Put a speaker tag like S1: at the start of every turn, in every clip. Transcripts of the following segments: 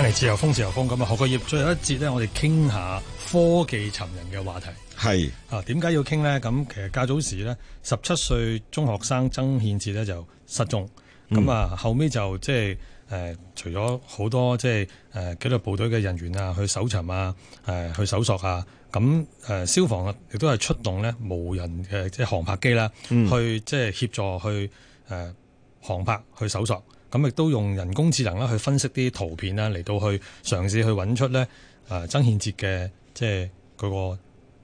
S1: 翻嚟自由風，自由風咁啊！學個業最後一節咧，我哋傾下科技尋人嘅話題。係啊是，點解要傾咧？咁其實較早時咧，十七歲中學生曾憲志咧就失蹤。咁啊，後尾就即係誒，除咗好多即係誒，紀律部隊嘅人員啊，去搜尋啊，誒去搜索啊。咁誒，消防啊亦都係出動咧，無人嘅即係航拍機啦，去即係協助去誒航拍去搜索。呃咁亦都用人工智能啦去分析啲圖片啦，嚟到去嘗試去揾出咧啊，曾憲哲嘅即係嗰個。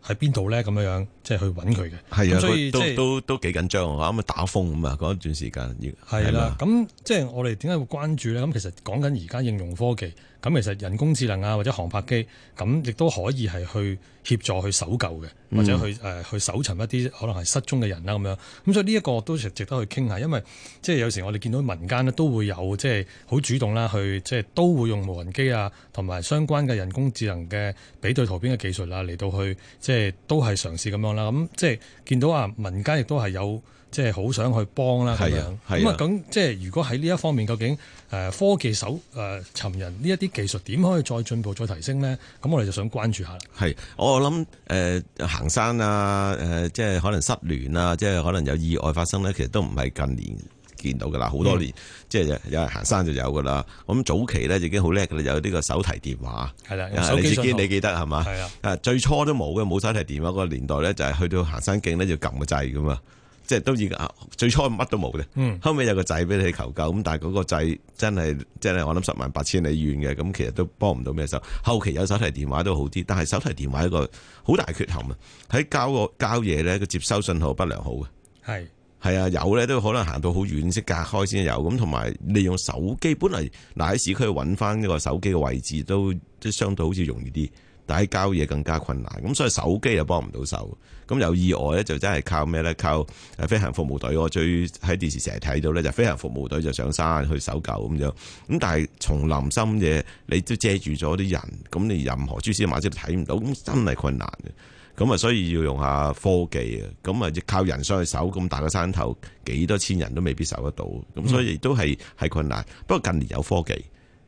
S1: 喺邊度咧？咁樣樣即係去揾佢嘅。係啊的，所以都、即係、
S2: 都幾緊張啊！咁啊打風咁啊，嗰一段時間要係啦。
S1: 咁即係我哋點解會關注咧？咁其實講緊而家應用科技，咁其實人工智能啊，或者航拍機，咁亦都可以係去協助去搜救嘅，或者去誒、啊、去搜尋一啲可能係失蹤嘅人啦、啊、咁、嗯、樣。咁所以呢一個都值得去傾下，因為即係有時我哋見到民間咧都會有即係好主動啦，去即係都會用無人機啊，同埋相關嘅人工智能嘅比對圖片嘅技術啦、啊，嚟到去即、即係即係都係嘗試咁樣啦，咁即係見到啊，民間亦都係有即係好想去幫啦咁樣。咁啊，咁即係如果喺呢一方面，究竟誒科技手誒、呃、尋人呢一啲技術點可以再進步、再提升咧？咁我哋就想關注下。
S2: 係，我諗誒、呃、行山啊，誒、呃、即係可能失聯啊，即係可能有意外發生咧，其實都唔係近年。見到噶啦，好多年，即係有人行山就有噶啦。咁早期咧已經好叻噶啦，有呢個手提電話。
S1: 係啦，你自己你記得係嘛？
S2: 係啊。啊，最初都冇嘅，冇手提電話嗰個年代咧，就係去到行山徑咧要撳個掣噶嘛。即係都以，最初乜都冇嘅。嗯。後尾有個掣俾你求救，咁但係嗰個掣真係，即係我諗十萬八千里遠嘅，咁其實都幫唔到咩手。後期有手提電話都好啲，但係手提電話是一個好大缺陷啊！喺郊個郊野咧個接收信號不良好嘅。係。係啊，有咧都可能行到好遠，先隔開先有咁。同埋利用手機，本嚟嗱喺市區揾翻呢個手機嘅位置，都都相對好似容易啲。但係郊野更加困難。咁所以手機又幫唔到手。咁有意外咧，就真係靠咩咧？靠飛行服務隊。我最喺電視成日睇到咧，就飛行服務隊就上山去搜救咁就，咁但係叢林深嘅，你都遮住咗啲人，咁你任何蛛絲馬跡都睇唔到，咁真係困難嘅。咁啊，所以要用下科技啊！咁啊，靠人上去守咁大個山頭，幾多千人都未必守得到，咁所以亦都係係困難。不過近年有科技，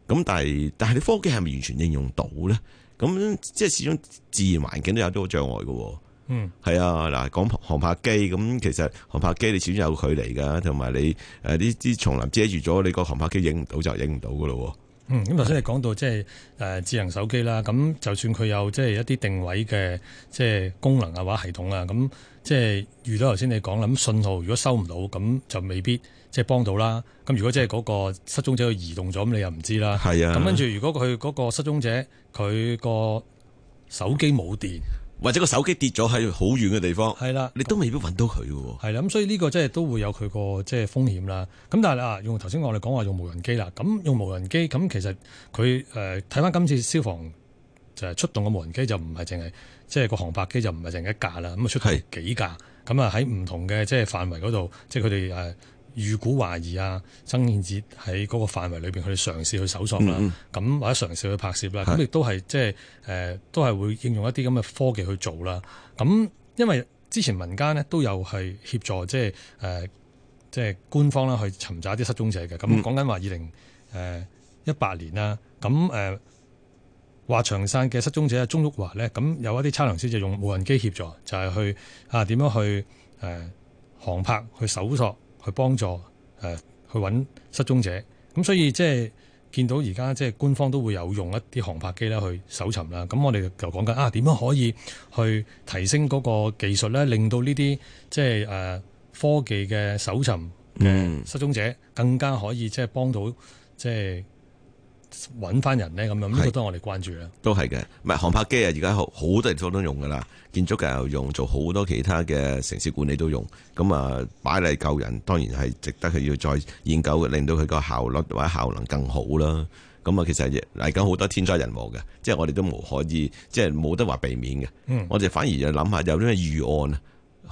S2: 咁但係但係你科技係咪完全應用到咧？咁即係始終自然環境都有好多障礙噶。嗯，係啊，嗱，講航拍機，咁其實航拍機你始終有距離噶，同埋你誒啲啲叢林遮住咗，你個航拍機影唔到就影唔到噶咯。
S1: 嗯，咁頭先你講到即係誒智能手機啦，咁的就算佢有即係一啲定位嘅即係功能啊或者系統啊，咁即係遇到頭先你講啦，咁信號如果收唔到，咁就未必即係幫到啦。咁如果即係嗰個失蹤者佢移動咗，咁你又唔知啦。係啊的，咁跟住如果佢嗰個失蹤者佢個手機冇電。或者個手機跌咗喺好遠嘅地方，係啦的，你都未必揾到佢嘅喎。係啦，咁所以呢個即係都會有佢個即係風險啦。咁但係啦，用頭先我哋講話用無人機啦。咁用無人機咁其實佢誒睇翻今次消防就出動嘅無人機就唔係淨係即係個航拍機就唔係淨係一架啦。咁啊出係幾架咁啊，喺唔同嘅即係範圍嗰度，即係佢哋誒。預估懷疑啊，曾健哲喺嗰個範圍裏邊，佢哋嘗試去搜索啦，咁、嗯嗯、或者嘗試去拍攝啦，咁亦、嗯嗯、都係即係誒，都係會應用一啲咁嘅科技去做啦。咁因為之前民間呢都有係協助，即係誒、呃，即係官方啦去尋找啲失蹤者嘅。咁講緊話二零誒一八年啦，咁誒華長山嘅失蹤者鍾旭華呢，咁有一啲測量師就用無人機協助，就係、是、去啊點樣去誒、呃、航拍去搜索。去幫助誒、呃、去揾失蹤者，咁所以即、就、係、是、見到而家即係官方都會有用一啲航拍機啦去搜尋啦，咁我哋就講緊啊點樣可以去提升嗰個技術咧，令到呢啲即係誒科技嘅搜尋的失蹤者更加可以即係幫到即係。就是揾翻人咧，咁樣都多我哋關注啦。
S2: 都係嘅，唔係航拍機啊，而家好好多地方都用噶啦，建築界又用，做好多其他嘅城市管理都用。咁啊，擺嚟救人，當然係值得佢要再研究，令到佢個效率或者效能更好啦。咁啊，其實嚟緊好多天災人禍嘅，即係我哋都冇可以，即係冇得話避免嘅。嗯，我哋反而要諗下有啲咩預案啊。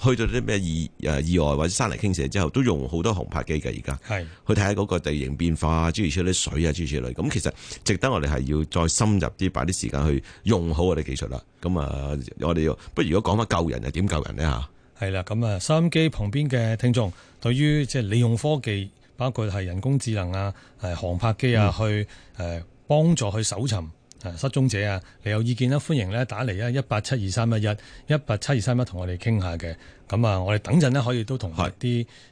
S2: 去到啲咩意意外或者山泥傾瀉之後，都用好多航拍機嘅而家，是的 去睇下嗰個地形變化，諸如此類水啊，諸如此類。咁其實值得我哋係要再深入啲，擺啲時間去用好我哋技術啦。咁啊，我哋要，不如果講翻救人又點救人呢？吓，
S1: 係啦，咁啊，收音機旁邊嘅聽眾對於即係利用科技，包括係人工智能啊、航拍機啊，嗯、去誒幫助去搜尋。啊、失蹤者啊，你有意見咧、啊？歡迎咧打嚟啊，1, 一八七二三一一一八七二三一同我哋傾下嘅。咁啊，我哋等陣咧可以都同啲是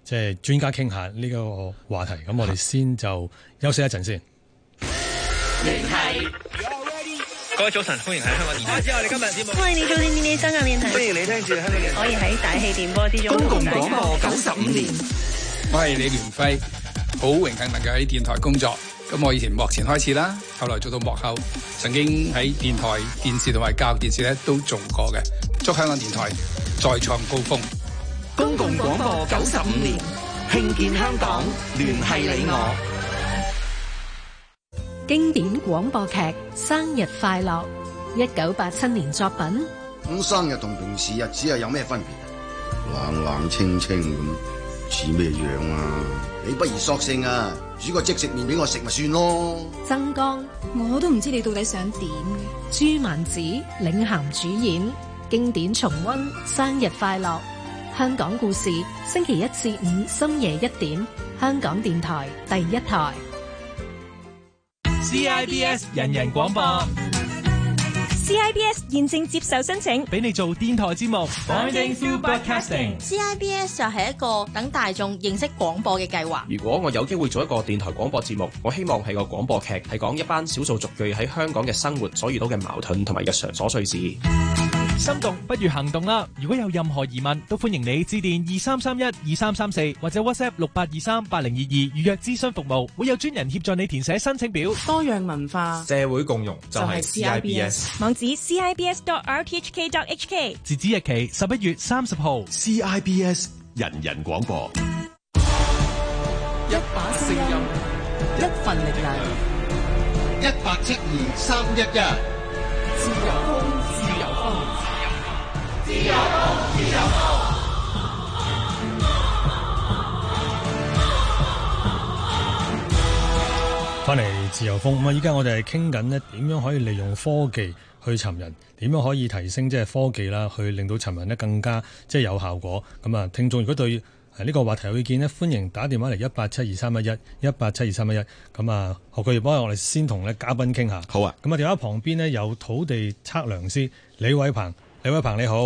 S1: 即係專家傾下呢個話題。咁是我哋先就休息一陣先。
S3: Re 各位早晨，歡迎喺香港電台。我哋今日節目，歡迎你做天氣先生啊，聯繫歡迎你聽住香港電台。可 以喺大氣電波之中。公共廣播九十五年，我迎你聯輝，好榮幸能夠喺電台工作。咁我以前幕前開始啦，後來做到幕後，曾經喺電台、電視同埋教育電視咧都做過嘅。祝香港電台再創高峰！
S2: 公共廣播九十五年慶建香港，聯繫你我。
S1: 經典廣播劇生日快樂，
S3: 一九八七年作品。咁生日同平時日子啊有咩分別？冷冷清清咁，似咩樣啊？你不如索性啊！煮個即食麵俾我食咪算咯剛。
S1: 曾江，我都唔知你到底想點。朱曼子、領銜主演，經典重溫，生日快樂，香港故事，星期一至五深夜一點，香港電台第一台
S2: ，C I B S BS, 人人廣播。
S1: CIBS 現正接受申請，
S3: 俾你做電台節目。CIBS
S1: 就係一個等大眾認識廣播嘅計劃。
S3: 如果我有機會做一個電台廣播節目，我希望係個廣播劇，係講一班少數族裔喺香港嘅生活所遇到嘅矛盾同埋日常瑣碎事。
S4: 心動不如行動啦！如果有任何疑問，都歡迎你致電二三三一二三三四或者 WhatsApp 六八二三八零二二預約諮詢服務，
S3: 會有專人協助你填寫申請表。多樣文化、
S4: 社會共融就係 CIBS。
S1: 網址 CIBS.RTHK.HK。
S3: 截
S4: 止日期十一月三十號。
S1: CIBS 人人廣播。
S4: 一把聲音，一份力量。一八七二三一一。
S3: 自
S1: 由風，自由風，翻嚟自由風。咁啊，依家我哋係傾緊咧，點樣可以利用科技去尋人？點樣可以提升即係科技啦，去令到尋人更加即係有效果？咁啊，聽眾如果對呢個話題有意見咧，歡迎打電話嚟一八七二三一一一八七二三一一。咁啊，何佢業幫我哋先同呢嘉賓傾下。好啊。咁啊，電話旁邊呢有土地測量師李偉鵬。李偉鵬你好，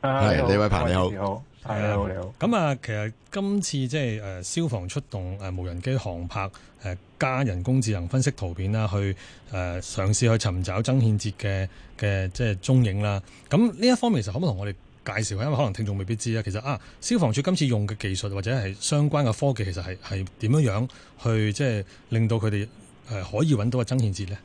S1: 係李偉鵬你好，你好，係啊你好。咁啊，其實今次即係誒消防出動誒無人機航拍，誒加人工智能分析圖片啦，去誒嘗試去尋找曾憲哲嘅嘅即係蹤影啦。咁呢一方面，其實可唔可以同我哋介紹？因為可能聽眾未必知啊。其實啊，消防署今次用嘅技術或者係相關嘅科技，其實係係點樣樣去
S4: 即係令到佢哋誒可以搵到阿曾憲哲咧？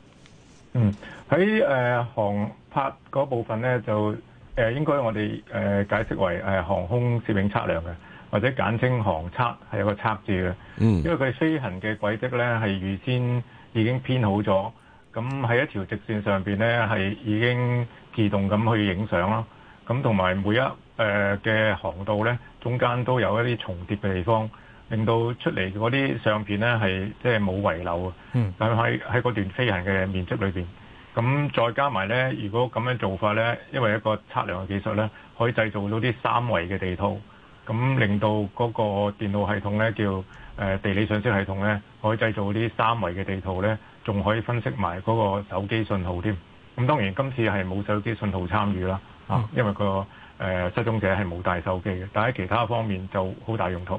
S4: 嗯，喺誒、呃、航拍嗰部分咧，就誒、呃、應該我哋誒、呃、解釋為誒、呃、航空攝影測量嘅，或者簡稱航測，係有個測字嘅。嗯，因為佢飛行嘅軌跡咧係預先已經編好咗，咁喺一條直線上邊咧係已經自動咁去影相咯。咁同埋每一誒嘅、呃、航道咧，中間都有一啲重疊嘅地方。令到出嚟嗰啲相片呢，係即係冇遺漏。啊！嗯，但係喺嗰段飛行嘅面積裏邊，咁再加埋呢，如果咁樣做法呢，因為一個測量嘅技術呢，可以製造到啲三維嘅地圖，咁令到嗰個電腦系統呢，叫誒地理信息系統呢，可以製造啲三維嘅地圖呢，仲可以分析埋嗰個手機信號添。咁當然今次係冇手機信號參與啦，啊，因為、嗰個誒、呃、失蹤者係冇帶手機嘅，但喺其他方面就好大用途。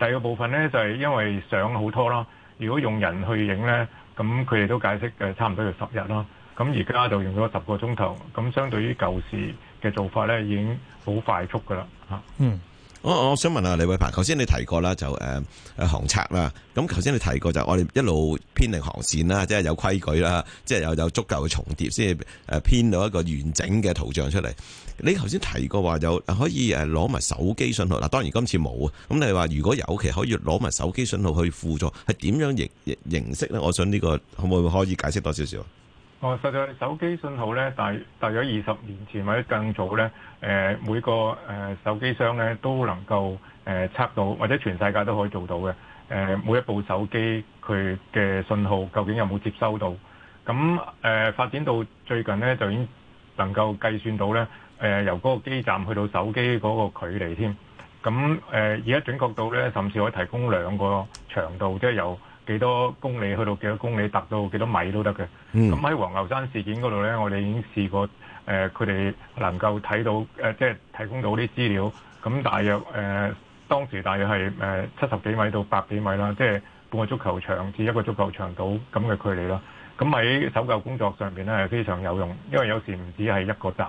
S4: 第二個部分咧就係、是、因為相好拖啦。如果用人去影咧，咁佢哋都解釋差唔多要十日啦。咁而家就用咗十個鐘頭，咁相對於舊時嘅做法咧，已經好快速噶啦吓。嗯。
S2: 我我想問下，李偉鵬，頭先你提過啦，就誒航測啦，咁頭先你提過就我哋一路編定航線啦，即係有規矩啦，即係有有足夠嘅重疊先誒編到一個完整嘅圖像出嚟。你頭先提過話有可以誒攞埋手機信號，嗱當然今次冇啊。咁你話如果有，其實可以攞埋手機信號去輔助，係點樣形形式咧？我想呢個可唔可以解釋多少少？
S4: 哦、實際手機信號咧，大大約二十年前或者更早咧，每個手機商咧都能夠誒、呃、測到，或者全世界都可以做到嘅、呃。每一部手機佢嘅信號究竟有冇接收到？咁、呃、發展到最近咧，就已經能夠計算到咧、呃，由嗰個基站去到手機嗰個距離添。咁而家準確到咧，甚至可以提供兩個長度，即係有，幾多公里去到幾多公里，達到幾多米都得嘅。咁喺、嗯、黃牛山事件嗰度呢，我哋已經試過誒，佢、呃、哋能夠睇到誒、呃，即係提供到啲資料。咁大約誒、呃、當時大約係誒七十幾米到百幾米啦，即係半個足球場至一個足球場度咁嘅距離啦。咁喺搜救工作上邊呢，係非常有用，因為有時唔止係一個站，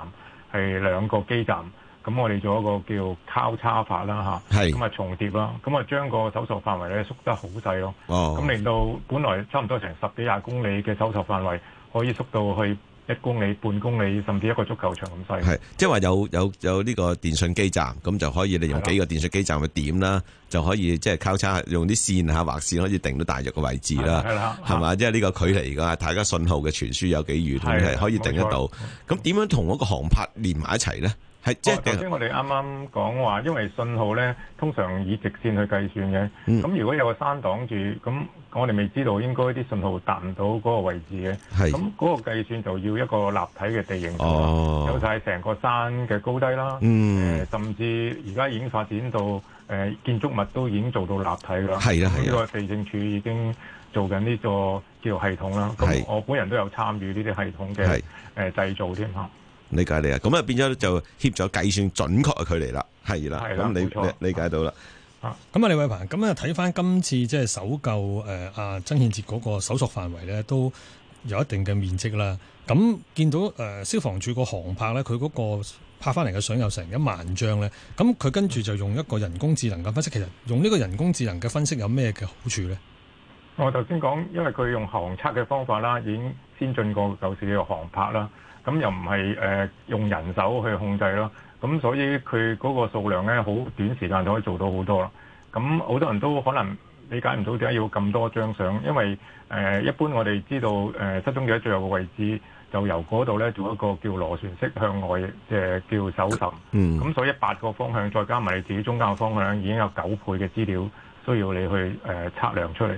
S4: 係兩個基站。咁我哋做一個叫交叉法啦吓，咁啊是重疊啦，咁啊將個搜索範圍咧縮得好細咯，
S2: 咁、哦、令
S4: 到本來差唔多成十幾廿公里嘅搜索範圍，可以縮到去一公里、半公里甚至一個足球場咁細。即
S2: 係話有有有呢個電信基站，咁就可以利用幾個電信基站去點啦，的就可以即係交叉用啲線下畫線，滑線可以定到大約嘅位置啦，係嘛？即係呢個距離㗎，大家信號嘅傳輸有幾遠係的可以定得到？咁點錯樣同嗰個航拍連埋一齊咧？係，頭先、就是哦、我哋啱
S4: 啱講話，因為信號咧通常以直線去計算嘅，咁、嗯、如果有個山擋住，咁我哋未知道應該啲信號達唔到嗰個位置嘅。咁嗰是個計算就要一個立體嘅地形，哦、有晒成個山嘅高低啦。嗯、呃，甚至而家已經發展到、呃、建築物都已經做到立體㗎啦。啦的，呢個地政署已經做緊呢個叫做系統啦。咁的我本人都有參與呢啲系統嘅誒的、呃、製造添嚇。
S2: 理解你啊，咁啊變咗就協助計算準確嘅距離啦，係啦，咁的你，錯你理解到啦、
S1: 啊。啊，咁啊李偉鵬，咁啊睇翻今次即係搜救誒阿曾憲哲嗰個搜索範圍咧，都有一定嘅面積啦。咁見到誒、呃、消防處個航拍咧，佢嗰個拍翻嚟嘅相有成一萬張咧。咁佢跟住就用一個人工智能嘅分析，其實用呢個人工智能嘅分析有咩嘅好處咧？
S4: 我頭先講，因為佢用航測嘅方法啦，已經先進過舊時嘅航拍啦。咁又唔係誒用人手去控制咯，咁所以佢嗰個數量咧，好短時間就可以做到好多啦。咁好多人都可能理解唔到點解要咁多張相，因為誒、呃、一般我哋知道誒、呃、失蹤者最後嘅位置，就由嗰度咧做一個叫螺旋式向外嘅、呃、叫搜尋。嗯。咁所以八個方向，再加埋你自己中間嘅方向，已經有九倍嘅資料需要你去誒、呃、測量出嚟。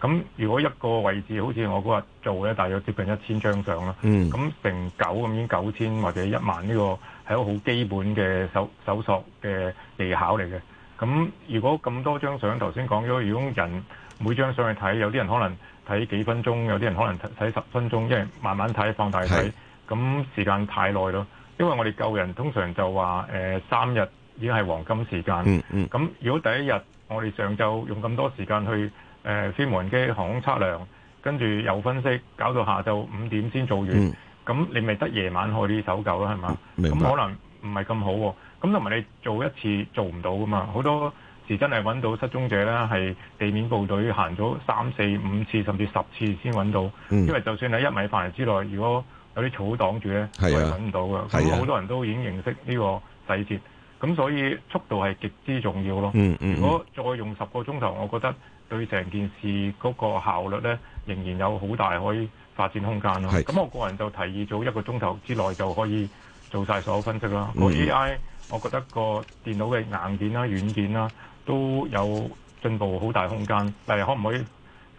S4: 咁如果一個位置好似我嗰日做咧，大約接近一千張相啦。咁、嗯、成九咁，已經九千或者一萬呢個係一個好基本嘅搜搜索嘅技巧嚟嘅。咁如果咁多張相，頭先講咗，如果人每張相去睇，有啲人可能睇幾分鐘，有啲人可能睇睇十分鐘，因為慢慢睇、放大睇，咁是時間太耐咯。因為我哋救人通常就話誒三日已經係黃金時間。咁、嗯嗯、如果第一日我哋上晝用咁多時間去。誒、呃、飛無人機航空測量，跟住又分析，搞到下晝五點先做完。咁、嗯、你咪得夜晚開啲搜救咯，係嘛？咁白可能唔係咁好喎、啊。咁同埋你做一次做唔到噶嘛？好多時真係揾到失蹤者呢，係地面部隊行咗三四五次，甚至十次先揾到。嗯、因為就算喺一米範圍之內，如果有啲草擋住呢，係揾唔到㗎。咁好多人都已經認識呢個細節，咁所以速度係極之重要咯。嗯、如果再用十個鐘頭，我覺得。對成件事嗰個效率咧，仍然有好大可以發展空間咯。咁是我個人就提議早一個鐘頭之內就可以做晒所有分析啦。個 AI、嗯、我覺得個電腦嘅硬件啦、啊、軟件啦、啊、都有進步好大空間，但係可唔可以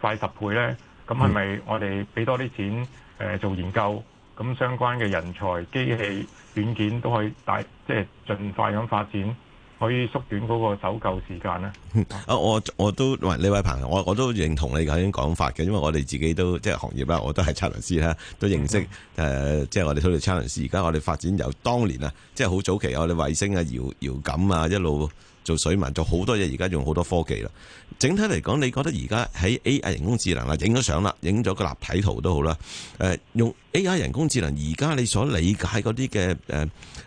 S4: 快十倍咧？咁係咪我哋俾多啲錢、呃、做研究？咁相關嘅人才、機器、軟件都可以大即係盡快咁發展。
S2: 可以縮短嗰個搜救時間咧？啊，我我都喂，李偉鵬，我我都認同你頭先講法嘅，因為我哋自己都即係行業啦，我都係測量師啦，都認識、嗯呃、即係我哋土地測量師。而家我哋發展由當年啊，即係好早期，我哋衛星啊、遙遙感啊，一路做水文，做好多嘢。而家用好多科技啦。整體嚟講，你覺得而家喺 AI 人工智能啊，影咗相啦，影咗個立體圖都好啦、呃。用 AI 人工智能而家你所理解嗰啲嘅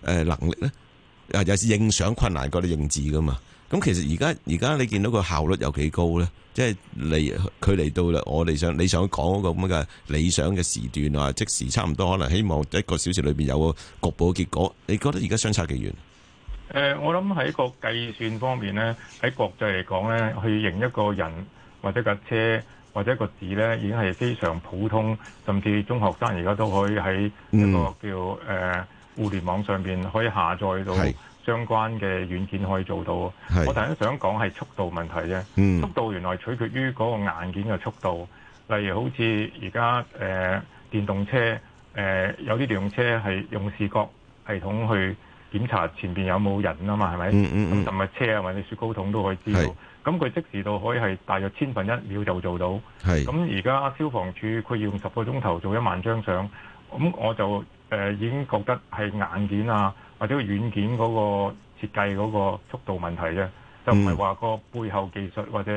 S2: 能力咧？有時影相困難，啲認字噶嘛？咁其實而家而家你見到個效率有幾高咧？即係嚟佢嚟到啦，我哋想你想講嗰個咁嘅理想嘅時段啊，即時差唔多，可能希望一個小時裏邊有個局部嘅結果。你覺得而家相差幾遠？
S4: 誒、呃，我諗喺個計算方面咧，喺國際嚟講咧，去認一個人或者架車或者一個字咧，已經係非常普通，甚至中學生而家都可以喺一個叫誒。嗯互聯網上面可以下載到相關嘅軟件可以做到。是我突然想講係速度問題啫。嗯、速度原來取決於嗰個硬件嘅速度。例如好似而家誒電動車、呃、有啲電動車係用視覺系統去檢查前面有冇人啊嘛，係咪？咁甚至車啊，或者雪糕筒都可以知道。咁佢是即時到可以係大約千分一秒就做到。咁而家消防處佢要用十個鐘頭做一萬張相，咁我就。誒、呃、已經覺得係硬件啊，或者個軟件嗰個設計嗰個速度問題啫，就唔係話個背後技術或者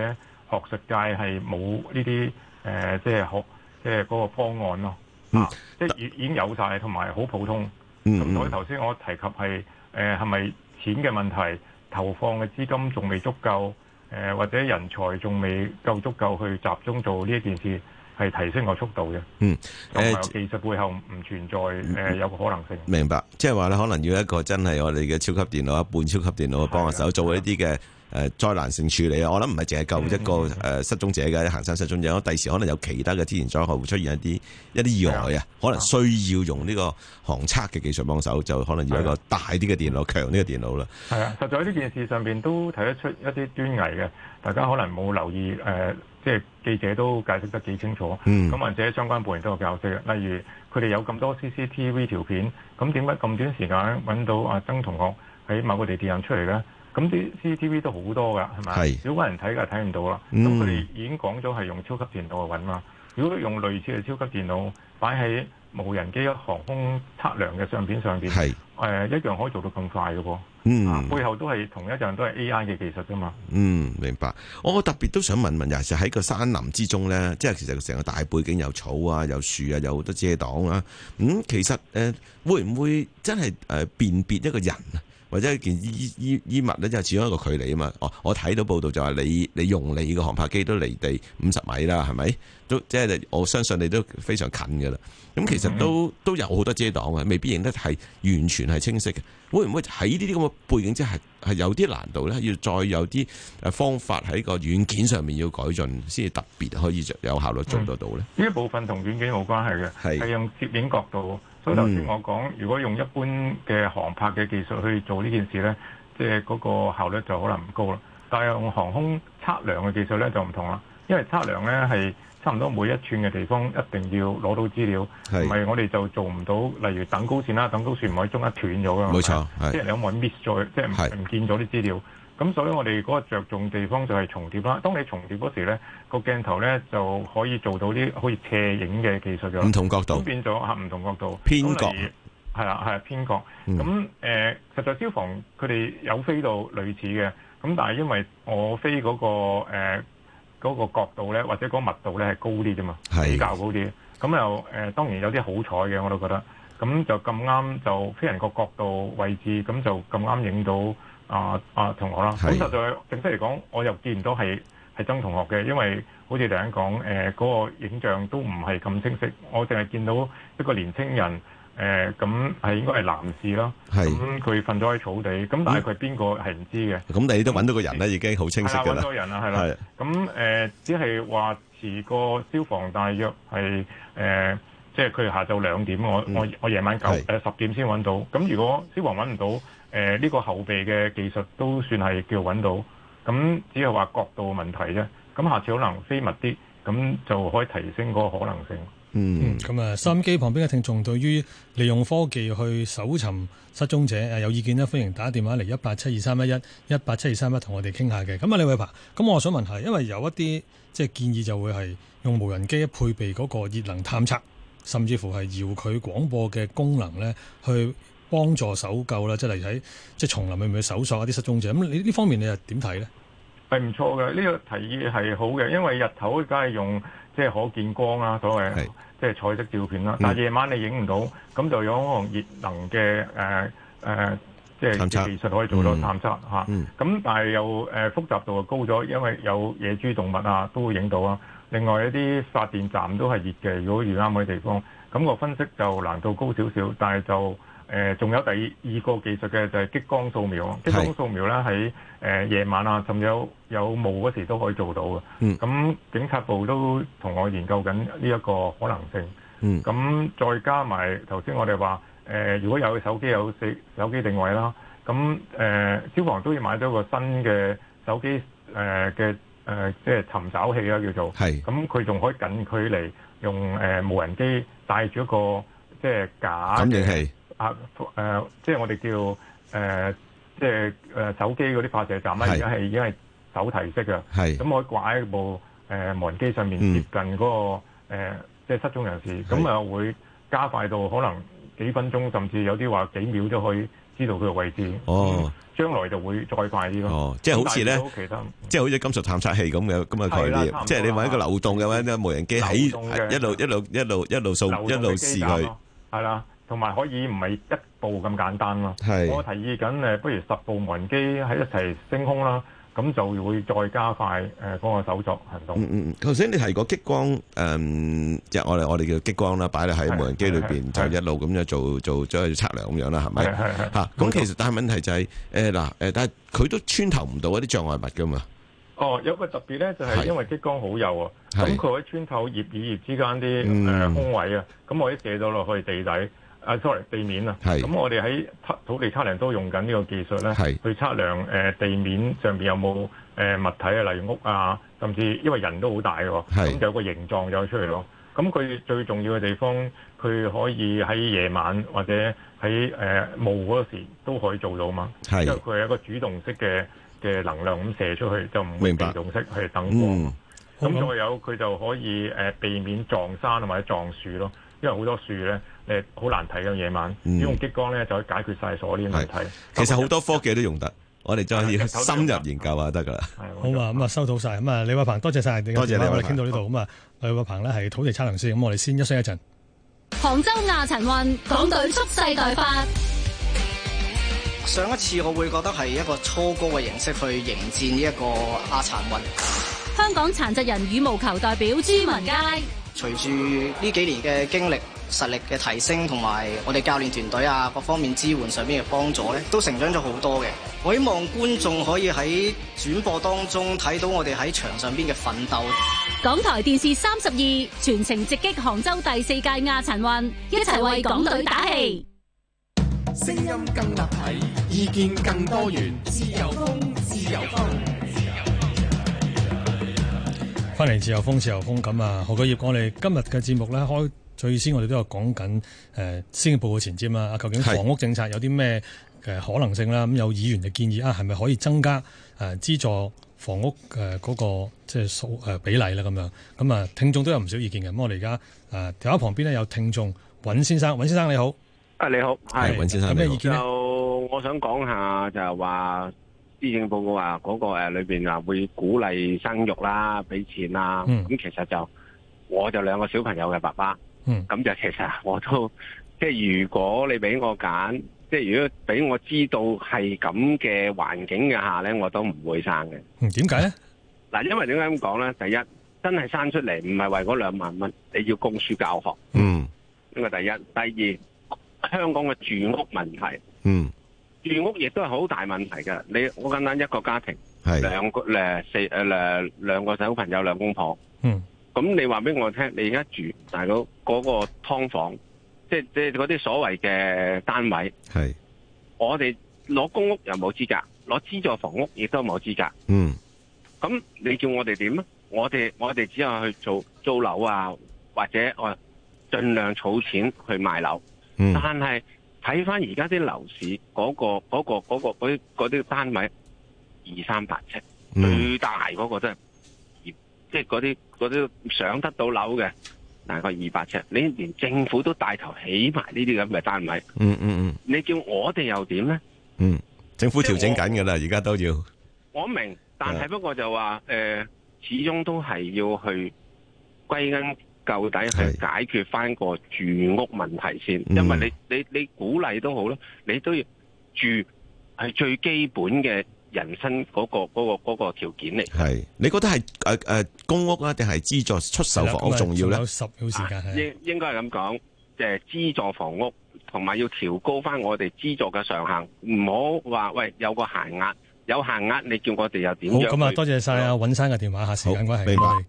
S4: 學術界係冇呢啲誒，即係學即係嗰個方案咯、啊啊。即係已經有晒，同埋好普通。咁所以頭先我提及係誒係咪錢嘅問題，投放嘅資金仲未足夠，誒、呃、或者人才仲未夠足夠去集中做呢一件事。係提升個速
S2: 度嘅。嗯，誒其
S4: 實背後唔存在有個可能性。
S2: 嗯呃、明白，即係話咧，可能要一個真係我哋嘅超級電腦、半超級電腦幫下手，做一啲嘅誒災難性處理啊！我諗唔係淨係救一個失蹤者嘅的行山失蹤者，第時可能有其他嘅天然災害會出現一啲一啲意外啊！的可能需要用呢個航測嘅技術幫手，就可能要一個大啲嘅電腦、的強啲嘅電腦啦。
S4: 係啊，實在喺呢件事上面都睇得出一啲端倪嘅。大家可能冇留意誒。呃即係記者都解釋得幾清楚，咁、嗯、或者相關部門都有解釋嘅。例如佢哋有咁多 CCTV 條片，咁點解咁短時間揾到阿曾同學喺某個地鐵站出嚟呢？咁啲 CCTV 都好多㗎，係咪？是如果少啲人睇嘅睇唔到啦。咁佢哋已經講咗係用超級電腦去揾嘛。如果用類似嘅超級電腦擺喺無人機嘅航空測量嘅相片上邊，係誒是、呃、一樣可以做到咁快嘅喎。嗯、啊，背後都係同一樣都係 A I 嘅技術啫嘛。嗯，
S2: 明白。我特別都想問問，尤其是喺個山林之中咧，即係其實成個大背景有草啊、有樹啊、有好多遮擋啊。咁、嗯、其實誒、呃，會唔會真係誒辨別一個人？或者一件衣衣衣物咧，就始終一個距離啊嘛。哦，我睇到報道就係你你用你個航拍機都離地五十米啦，係咪？都即係我相信你都非常近㗎啦。咁其實都都有好多遮擋嘅，未必影得係完全係清晰嘅。會唔會喺呢啲咁嘅背景之下，係有啲難度咧？要再有啲誒方法喺個軟件上面要改進，先至特別可以有效率做得到咧？呢
S4: 一、嗯、部分同軟件冇關係嘅，係係用攝影角度。頭先、嗯、我講，如果用一般嘅航拍嘅技術去做呢件事呢，即係嗰個效率就可能唔高啦。但係用航空測量嘅技術呢，就唔同啦，因為測量呢係差唔多每一寸嘅地方一定要攞到資料，唔係是我哋就做唔到。例如等高線啦、啊，等高線唔可以中間斷咗㗎嘛。冇錯，即係你有冇會 miss 咗，即係唔見咗啲資料。咁所以，我哋嗰個着重地方就係重疊啦。當你重疊嗰時咧，個鏡頭咧就可以做到啲好似斜影嘅技術嘅唔同角度，變咗嚇唔同角度偏角，係啦係啊，啊偏角。咁誒、嗯呃，實在消防佢哋有飛到類似嘅，咁但係因為我飛嗰、那個誒嗰、呃那個、角度咧，或者嗰密度咧係高啲啫嘛，係的比較高啲。咁又誒、呃，當然有啲好彩嘅我都覺得。咁就咁啱就飛人個角度位置，咁就咁啱影到。啊啊同學啦，咁是實在正式嚟講，我又見唔到係係曾同學嘅，因為好似頭先講誒嗰個影像都唔係咁清晰，我淨係見到一個年青人誒，咁、呃、係應該係男士啦。咁是，佢瞓咗喺草地，咁但係佢邊個係唔知嘅。咁、啊、你都搵到
S2: 個人咧，已經好清晰㗎啦。搵到人啦，係啦。
S4: 咁誒的、呃，只係話遲個消防大約係誒，即係佢下晝兩點，我我我夜晚九誒十點先搵到。咁如果消防搵唔到？誒呢、呃呢個後備嘅技術都算係叫揾到，咁只係話角度問題啫。咁下次可能飛密啲，咁就可以提升嗰個可能性。嗯，
S1: 咁啊、嗯嗯，收音機旁邊嘅聽眾對於利用科技去搜尋失蹤者誒有意見呢，歡迎打電話嚟一八七二三一一一八七二三一同我哋傾下嘅。咁啊，李偉鵬，咁我想問下，因為有一啲即係建議就會係用無人機配備嗰個熱能探測，甚至乎係遙距廣播嘅功能咧，去。幫助搜救啦，即係例如喺即係叢林裏面去搜索一啲失蹤者咁。你呢方面
S4: 你又點睇咧？係唔錯嘅，呢個提議係好嘅，因為日頭梗係用即係可見光啊，所謂是即係彩色照片啦。嗯、但係夜晚你影唔到，咁就有可能熱能嘅誒誒，即係測技術可以做到探測嚇。咁但係又誒複雜度就高咗，因為有野豬動物啊都會影到啊。另外一啲發電站都係熱嘅，如果遇啱嗰啲地方，咁、個分析就難度高少少，但係就。誒，仲有第二個技術嘅就係激光掃描啊，激光掃描咧喺誒夜晚啊，甚至有有霧嗰時都可以做到嘅。咁警察部都同我研究緊呢一個可能性。咁再加埋頭先我哋話誒，如果有手機有手手機定位啦，咁誒消防都要買咗個新嘅手機誒嘅誒，即係尋找器啦叫做。係。咁佢仲可以近距離用誒無人機帶住一個即係假嘅。啊誒，即係我哋叫誒，即係誒手機嗰啲發射站咧，而家係已經係手提式嘅。係，咁我掛喺部誒無人機上面，接近嗰個誒，即係失蹤人士。咁啊，會加快到可能幾分鐘，甚至有啲話幾秒都可以知道佢嘅位置。哦，將來就會再快啲咯。哦，即係好似咧，即係好似金屬探測器咁嘅咁嘅概念，即係你揾一個
S2: 流動嘅話咧，無人機喺一路一路一路一路掃一路試佢，
S4: 係啦。同埋可以唔係一步咁簡單咯。係，我提議緊誒，不如十部無人機喺一齊升空啦，咁就會再加快誒嗰個手續行動。
S2: 嗯嗯，頭先你提過激光誒，即係我哋我哋叫激光啦，擺落喺無人機裏邊，就一路咁樣做做咗去測量咁樣啦，係咪？係係係。嚇，咁其實但係問題就係誒嗱誒，但係佢都穿透唔到一啲障礙物㗎嘛。
S4: 哦，有個特別咧，就係因為激光好幼啊，咁佢可以穿透葉與葉之間啲誒空位啊，咁我一射到落去地底。啊、uh，sorry，地面啊，咁是我哋喺測土地測量都用緊呢個技術咧，是去測量、呃、地面上面有冇、呃、物體啊，例如屋啊，甚至因為人都好大嘅喎，咁是就有個形狀就出嚟咯。咁佢最重要嘅地方，佢可以喺夜晚或者喺誒、呃、霧嗰時都可以做到啊嘛。是因為佢係一個主動式嘅嘅能量咁射出去，就唔會被動式去白等光。咁再有佢就可以、呃、避免撞山或者撞樹咯。因為好多樹咧，誒好難睇咁夜晚，用激光咧就可以解決晒所有呢啲問題。
S2: 其實好多科技都用得，我哋再深入研究下得噶啦。
S1: 好啊，咁啊，收到晒。咁啊，李偉鵬，多謝晒，多謝你同我哋傾到呢度。咁啊，李偉鵬咧係土地測量師。咁我哋先休息一陣。
S3: 杭州亞殘運，港隊蓄勢待發。
S2: 上一次我會覺得係一個超高嘅形式去迎戰呢一個亞殘運。
S3: 香港殘疾人羽毛球代表朱文佳。
S2: 隨住呢幾年嘅經歷，實力嘅提升，同埋我哋教練團隊啊，各方面支援上邊嘅幫助咧，都成長咗好多嘅。我希望觀眾可以喺轉播當中睇到我哋喺場上邊嘅奮鬥。
S3: 港台電視三十二全程直擊杭州第四屆亞殘運，一齊為港隊打氣。
S4: 聲音更立體，意見更多元，自由風，自由風。
S1: 翻嚟自由風，自由風咁啊！何國業，我哋今日嘅節目咧，開最先我哋都有講緊誒先嘅報告前瞻啊！究竟房屋政策有啲咩誒可能性啦？咁是有議員嘅建議啊，係咪可以增加誒資助房屋誒嗰個即係數誒比例啦？咁樣咁啊，聽眾都有唔少意見嘅。咁我哋而家誒電話旁邊咧有聽眾尹先生，尹先生，你好，啊你好，
S3: 係是尹先生，有咩意見咧？我想講下就係話。施政報告話嗰個誒裏邊會鼓勵生育啦，俾錢啦。咁、嗯、其實就我就兩個小朋友嘅爸爸，咁、嗯、就其實我都即係如果你俾我揀，即係如果俾我知道係咁嘅環境嘅下咧，我都唔會生嘅。嗯，點解咧？嗱，因為點解咁講咧？第一，真係生出嚟唔係為嗰兩萬蚊，你要供書教學。嗯，呢個第一。第二，香港嘅住屋問題。嗯。住屋亦都係好大問題噶，你好簡單一個家庭，係兩是個誒四誒誒兩個小朋友，兩公婆，嗯，咁你話俾我聽，你而家住大佬嗰個劏房，即係即係嗰啲所謂嘅單位，係是，我哋攞公屋又冇資格，攞資助房屋亦都冇資格，
S4: 嗯，
S3: 咁你叫我哋點？我哋我哋只有去做租樓啊，或者我盡量儲錢去賣樓，嗯、但係。睇翻而家啲樓市嗰、那個嗰、那個嗰、那個嗰啲嗰啲單位二三百尺，嗯、最大嗰個都、就、係、是，即係嗰啲嗰啲上得到樓嘅大概二百尺。你連政府都帶頭起埋呢啲咁嘅單位、嗯，嗯嗯嗯，你叫我哋又點咧？嗯，
S2: 政府調整緊㗎啦，而家都要。
S3: 我明，但係不過就話，誒、呃，始終都係要去歸根。到底係解決翻個住屋問題先，嗯、因為你你你鼓勵都好啦，你都要住係最基本嘅人生嗰個嗰個嗰個條件嚟。
S2: 係，你覺得係誒誒公屋啊，定係資助出售房屋重要咧？有十秒時
S3: 間，應、啊、應該係咁講，即係資助房屋同埋要調高翻我哋資助嘅上限，唔好話喂，有個限額，有限額你叫我哋又點？咁啊，那麼多謝
S1: 晒啊，尹生嘅電話，吓，時間關係。